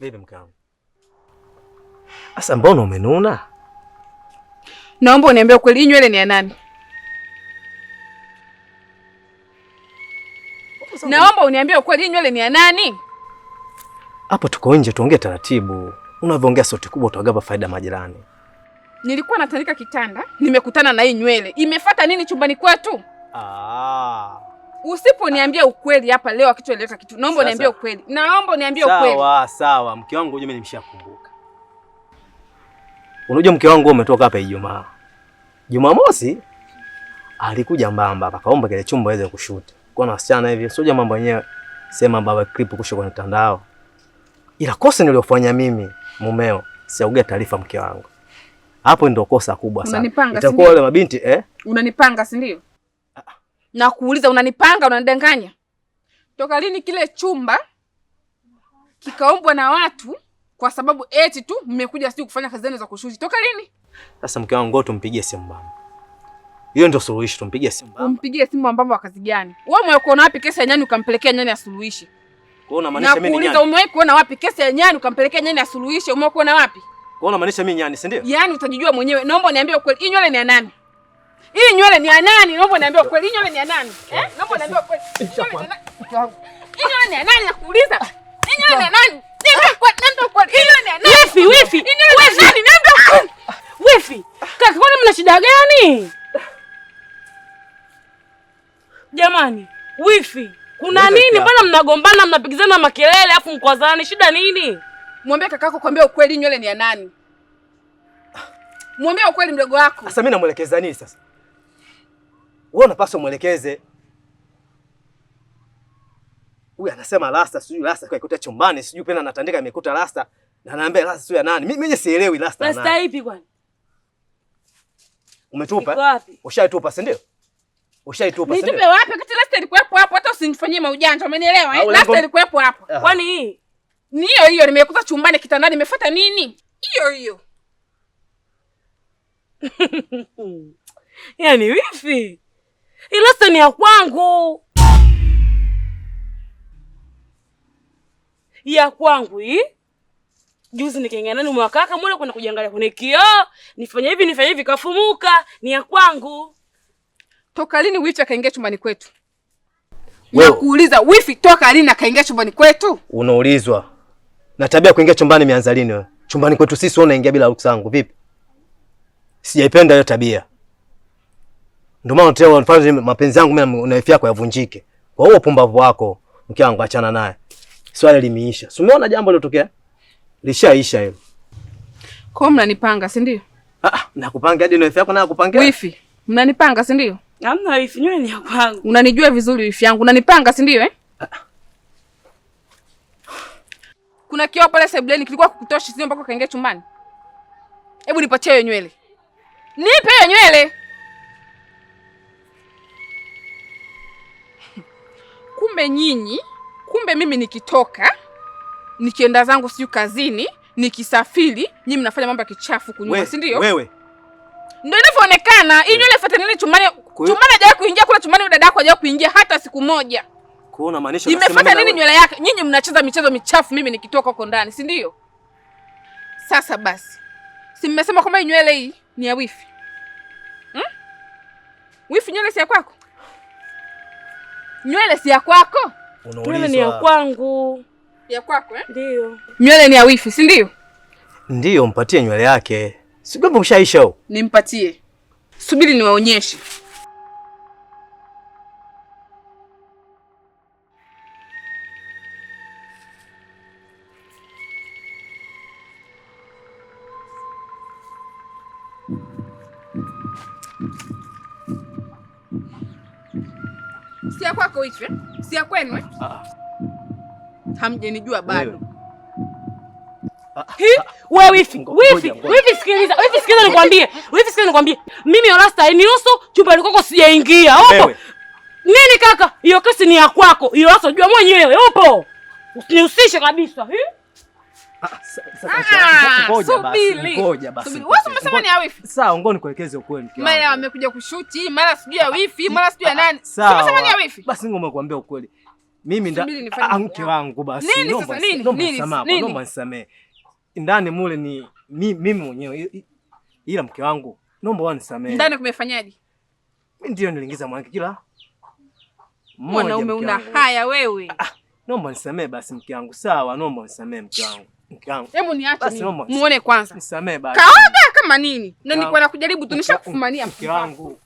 Vipi mkao? Asa, mbona umenuna? Naomba uniambie kweli, nywele ni ya nani? Naomba uniambie kweli, nywele ni ya nani? Hapo tuko nje, tuongee taratibu. Unavyoongea sauti kubwa, utawagapa faida majirani. Nilikuwa natandika kitanda, nimekutana na hii nywele. Imefata nini chumbani kwetu? Ah. Usiponiambia ukweli hapa leo akitueleka kitu, naomba niambie ukweli, naomba uniambie ukweli. Sawa sawa, mke wangu, unajua mimi nimeshakumbuka. Unajua mke wangu umetoka hapa Ijumaa, Jumamosi alikuja mbamba hapa kaomba kile chumba aweze kushuti kwa na wasichana hivi, sio mambo yenyewe sema baba clip kusha kwenye mtandao, ila kosa niliofanya mimi mumeo siaugea taarifa mke wangu, hapo ndio kosa kubwa sana. Itakuwa wale mabinti eh, unanipanga si ndio? na kuuliza unanipanga, unanidanganya? Toka lini kile chumba kikaombwa na watu kwa sababu eti tu mmekuja sijui kufanya kazi zenu za kushuzi? Toka lini? Sasa mke wangu, ngoja tumpigie simu baba, Hiyo ndio suluhisho, tumpigie simu baba. Umpigie simu mama wa kazi gani? Wewe umewahi kuona wapi kesi ya nyani ukampelekea nyani asuluhishe? Kwa hiyo maanisha mimi nyani? Na umewahi kuona wapi kesi ya nyani ukampelekea nyani asuluhishe? Umewahi kuona wapi? Kwa hiyo maanisha mimi nyani, si ndio? Yaani utajijua mwenyewe. Naomba niambie ukweli, hii nywele ni ya nani? Hii nywele ni ya nani? Naomba niambie kweli, hii nywele ni ya nani? Eh? Naomba niambie kweli. Hii nywele ni ya nani nakuuliza? Hii nywele ni ya nani? Niambia kweli, niambia kweli. Hii nywele ni ya nani? Wifi, wifi. Hii nywele ni ya nani? Niambia kweli. Wifi. Kaka, kwani mna shida gani? Jamani, wifi. Kuna nini? Mbona mnagombana, mnapigizana makelele afu mkwazani? Shida nini? Mwambie kakako kwambia ukweli nywele ni ya nani? Mwambie ukweli mdogo wako. Sasa mimi namwelekeza nini sasa? Wewe unapaswa mwelekeze. Huyu anasema rasta, sijui rasta kwa ikuta chumbani, sijui pena anatandika imekuta rasta na anaambia rasta sio ya nani. Mimi mimi sielewi rasta nani. Rasta ipi kwani? Umetupa? Ushaitupa, si ndio? Ushaitupa, si ndio? Nitupe wapi? Kati rasta ilikuwepo hapo, hata usinifanyie maujanja, umenielewa? eh? Rasta ilikuwepo hapo. Ah. Kwani hii? Ni hiyo hiyo nimekuta chumbani kitandani, nimefuata nini? Hiyo hiyo. yani wifi, ile seni ya kwangu ya kwangu hii. Juzi nikiingia ndani mwa kaka mule kwenda kujiangalia kwenye kioo, nifanye hivi nifanye hivi, kafumuka. Ni ya kwangu. Toka lini wifi akaingia chumbani kwetu? Nakuuliza wifi, toka lini akaingia chumbani kwetu? Unaulizwa na tabia kuingia chumbani imeanza lini wewe? Chumbani kwetu sisi wewe unaingia bila ruksa yangu vipi? Sijaipenda hiyo tabia, ndio maana tena wanafanya mapenzi yangu mimi na yako yavunjike kwa hiyo pumbavu wako. Mke wangu achana naye, swali limeisha. Si umeona jambo lilotokea, lishaisha hilo. Kwa hiyo mnanipanga, si ndio? Ah, ah nakupanga hadi na yako na kupangia wifi. Mnanipanga, si ndio? Hamna wifi, nywele ni ya kwangu. Unanijua vizuri wifi yangu, unanipanga, si ndio eh? Ah. ah. Kuna kioo pale sebuleni kilikuwa kukutosha, sio mpaka kaingia chumbani? Hebu nipatie hiyo nywele nipe hiyo nywele. Kumbe nyinyi, kumbe mimi nikitoka nikienda zangu sijui kazini, nikisafiri, nyinyi mnafanya mambo ya kichafu kunyuma, si ndio? Wewe ndio inavyoonekana. Hii nywele fata nini chumani, chumani hajawaye kuingia kula chumani, dada yako hajawaye kuingia hata siku moja. Kuona maanisha Imefuata nini nywele yake? Nyinyi mnacheza michezo michafu, mimi nikitoka huko ndani, si ndio? Sasa basi, si mmesema kwamba nywele hii ni ya wifi hmm? Wifi, nywele si ya kwako, nywele si ya kwako. Nywele ni ya kwangu. Ya kwako eh? Ndio. Nywele ni ya wifi, si ndio? Ndiyo, mpatie nywele yake. Sikwamba mshaisha. Nimpatie, subiri niwaonyeshe. Si ya kwako hicho eh? Si ya kwenu eh? Hamjenijua bado. Wewe wifi, wifi, wifi sikiliza, wifi sikiliza nikwambie, wifi sikiliza nikwambie. Mimi Orasta ni nusu chumba likoko sijaingia. Upo? Nini kaka? Hiyo kesi ni ya kwako. Hiyo Orasta unajua mwenyewe. Upo? Usinihusishe kabisa. Hii? Sawa, ngoja nikuelekeze ukweli. Mara amekuja kushuti, mara sijui ya wifi, ah, mara sijui ya ah, nani. Ah, basi ngoma kuambia ukweli, mimi mke wangu basi naomba nisamee ndani mule ni mimi mwenyewe, ila mke wangu wanisamee. Ndani kumefanyaje? Mimi ndio niliingiza mwanamke kila mwanaume. Una haya wewe? Nomba nisamee basi mke wangu. Sawa, nomba nisamee mke wangu. Hebu niache muone kwanza. basi. Kaoga kama nini? Na nilikuwa nakujaribu tu, nishakufumania mke wangu.